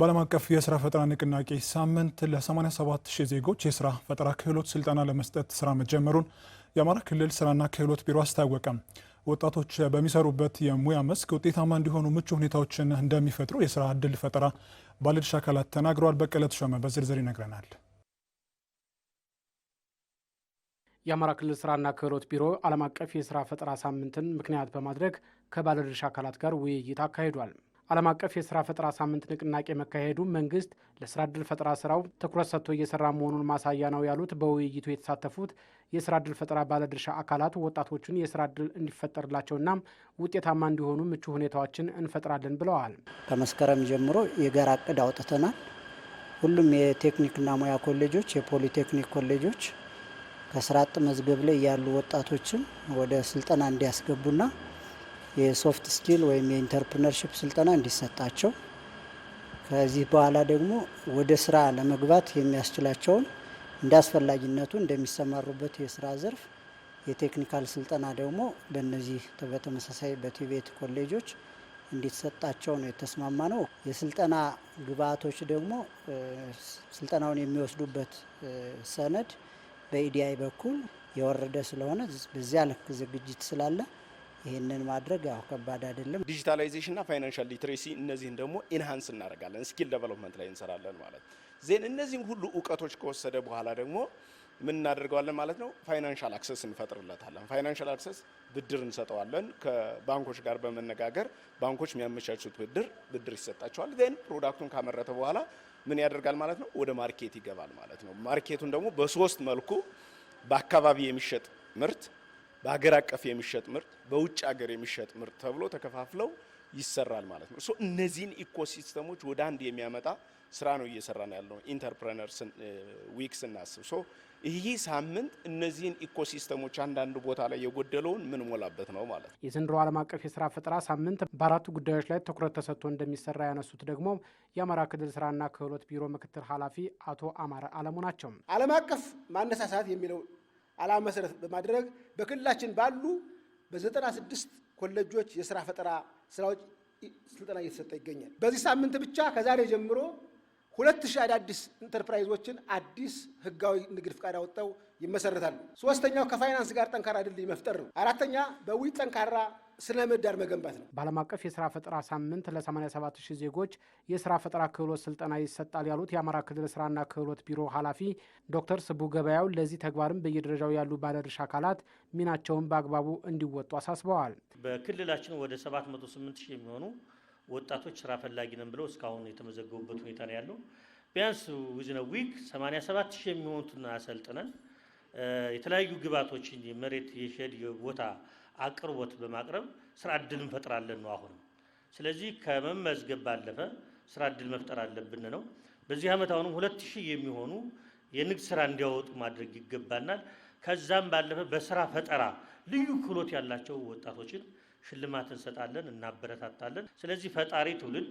በዓለም አቀፍ የስራ ፈጠራ ንቅናቄ ሳምንት ለ87 ሺህ ዜጎች የስራ ፈጠራ ክህሎት ስልጠና ለመስጠት ስራ መጀመሩን የአማራ ክልል ስራና ክህሎት ቢሮ አስታወቀም ወጣቶች በሚሰሩበት የሙያ መስክ ውጤታማ እንዲሆኑ ምቹ ሁኔታዎችን እንደሚፈጥሩ የስራ እድል ፈጠራ ባለድርሻ አካላት ተናግረዋል። በቀለ ተሾመ በዝርዝር ይነግረናል። የአማራ ክልል ስራና ክህሎት ቢሮ ዓለም አቀፍ የስራ ፈጠራ ሳምንትን ምክንያት በማድረግ ከባለድርሻ አካላት ጋር ውይይት አካሂዷል። ዓለም አቀፍ የስራ ፈጠራ ሳምንት ንቅናቄ መካሄዱ መንግስት ለስራ ዕድል ፈጠራ ስራው ትኩረት ሰጥቶ እየሰራ መሆኑን ማሳያ ነው ያሉት በውይይቱ የተሳተፉት የስራ ዕድል ፈጠራ ባለድርሻ አካላት ወጣቶቹን የስራ ዕድል እንዲፈጠርላቸውና ውጤታማ እንዲሆኑ ምቹ ሁኔታዎችን እንፈጥራለን ብለዋል። ከመስከረም ጀምሮ የጋራ እቅድ አውጥተናል። ሁሉም የቴክኒክና ሙያ ኮሌጆች፣ የፖሊቴክኒክ ኮሌጆች ከስራ አጥ መዝገብ ላይ ያሉ ወጣቶችን ወደ ስልጠና እንዲያስገቡና የሶፍት ስኪል ወይም የኢንተርፕርነርሽፕ ስልጠና እንዲሰጣቸው ከዚህ በኋላ ደግሞ ወደ ስራ ለመግባት የሚያስችላቸውን እንደ አስፈላጊነቱ እንደሚሰማሩበት የስራ ዘርፍ የቴክኒካል ስልጠና ደግሞ በእነዚህ በተመሳሳይ በቲቤት ኮሌጆች እንዲሰጣቸው ነው የተስማማ ነው። የስልጠና ግብአቶች ደግሞ ስልጠናውን የሚወስዱበት ሰነድ በኢዲአይ በኩል የወረደ ስለሆነ በዚያ ልክ ዝግጅት ስላለ ይህንን ማድረግ ያው ከባድ አይደለም። ዲጂታላይዜሽንና ፋይናንሻል ሊትሬሲ እነዚህን ደግሞ ኢንሃንስ እናደርጋለን፣ ስኪል ዴቨሎፕመንት ላይ እንሰራለን ማለት ዜን እነዚህም ሁሉ እውቀቶች ከወሰደ በኋላ ደግሞ ምን እናደርገዋለን ማለት ነው። ፋይናንሻል አክሰስ እንፈጥርለታለን። ፋይናንሻል አክሰስ ብድር እንሰጠዋለን። ከባንኮች ጋር በመነጋገር ባንኮች የሚያመቻቹት ብድር ብድር ይሰጣቸዋል። ዜን ፕሮዳክቱን ካመረተ በኋላ ምን ያደርጋል ማለት ነው፣ ወደ ማርኬት ይገባል ማለት ነው። ማርኬቱን ደግሞ በሶስት መልኩ በአካባቢ የሚሸጥ ምርት በሀገር አቀፍ የሚሸጥ ምርት፣ በውጭ ሀገር የሚሸጥ ምርት ተብሎ ተከፋፍለው ይሰራል ማለት ነው። እነዚህን ኢኮሲስተሞች ወደ አንድ የሚያመጣ ስራ ነው እየሰራ ነው ያለው ኢንተርፕረነርስ ዊክ ስናስብ። ይህ ሳምንት እነዚህን ኢኮሲስተሞች አንዳንድ ቦታ ላይ የጎደለውን ምን ሞላበት ነው ማለት ነው። የዘንድሮ ዓለም አቀፍ የስራ ፈጠራ ሳምንት በአራቱ ጉዳዮች ላይ ትኩረት ተሰጥቶ እንደሚሰራ ያነሱት ደግሞ የአማራ ክልል ስራና ክህሎት ቢሮ ምክትል ኃላፊ አቶ አማረ አለሙ ናቸው። ዓለም አቀፍ ማነሳሳት የሚለው ዓላማ መሰረት በማድረግ በክልላችን ባሉ በዘጠና ስድስት ኮሌጆች የስራ ፈጠራ ስራዎች ስልጠና እየተሰጠ ይገኛል። በዚህ ሳምንት ብቻ ከዛሬ ጀምሮ ሁለት ሺህ አዳዲስ ኢንተርፕራይዞችን አዲስ ህጋዊ ንግድ ፍቃድ አወጥተው ይመሰረታሉ። ሶስተኛው ከፋይናንስ ጋር ጠንካራ ድልድይ መፍጠር ነው። አራተኛ በዊ ጠንካራ ስነ ምህዳር መገንባት ነው። በዓለም አቀፍ የስራ ፈጠራ ሳምንት ለ87 ሺህ ዜጎች የስራ ፈጠራ ክህሎት ስልጠና ይሰጣል ያሉት የአማራ ክልል ስራና ክህሎት ቢሮ ኃላፊ ዶክተር ስቡ ገበያው ለዚህ ተግባርም በየደረጃው ያሉ ባለድርሻ አካላት ሚናቸውን በአግባቡ እንዲወጡ አሳስበዋል። በክልላችን ወደ 78 ሺህ የሚሆኑ ወጣቶች ስራ ፈላጊ ነን ብለው እስካሁን የተመዘገቡበት ሁኔታ ነው ያለው። ቢያንስ ዊዝን ዊክ 87 ሺህ የሚሆኑትን አሰልጥነን የተለያዩ ግብዓቶች የመሬት የሸድ የቦታ አቅርቦት በማቅረብ ስራ እድል እንፈጥራለን ነው አሁንም። ስለዚህ ከመመዝገብ ባለፈ ስራ እድል መፍጠር አለብን ነው። በዚህ ዓመት አሁንም ሁለት ሺህ የሚሆኑ የንግድ ስራ እንዲያወጡ ማድረግ ይገባናል። ከዛም ባለፈ በስራ ፈጠራ ልዩ ክህሎት ያላቸው ወጣቶችን ሽልማት እንሰጣለን፣ እናበረታታለን። ስለዚህ ፈጣሪ ትውልድ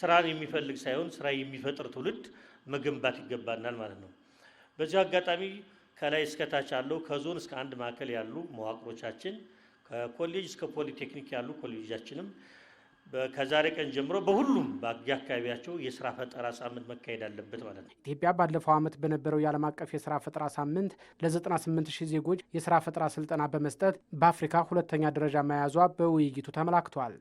ስራን የሚፈልግ ሳይሆን ስራ የሚፈጥር ትውልድ መገንባት ይገባናል ማለት ነው። በዚሁ አጋጣሚ ከላይ እስከታች ያለው ከዞን እስከ አንድ ማዕከል ያሉ መዋቅሮቻችን ከኮሌጅ እስከ ፖሊቴክኒክ ያሉ ኮሌጆቻችንም ከዛሬ ቀን ጀምሮ በሁሉም አካባቢያቸው የስራ ፈጠራ ሳምንት መካሄድ አለበት ማለት ነው። ኢትዮጵያ ባለፈው ዓመት በነበረው የዓለም አቀፍ የስራ ፈጠራ ሳምንት ለ98 ሺህ ዜጎች የስራ ፈጠራ ስልጠና በመስጠት በአፍሪካ ሁለተኛ ደረጃ መያዟ በውይይቱ ተመላክቷል።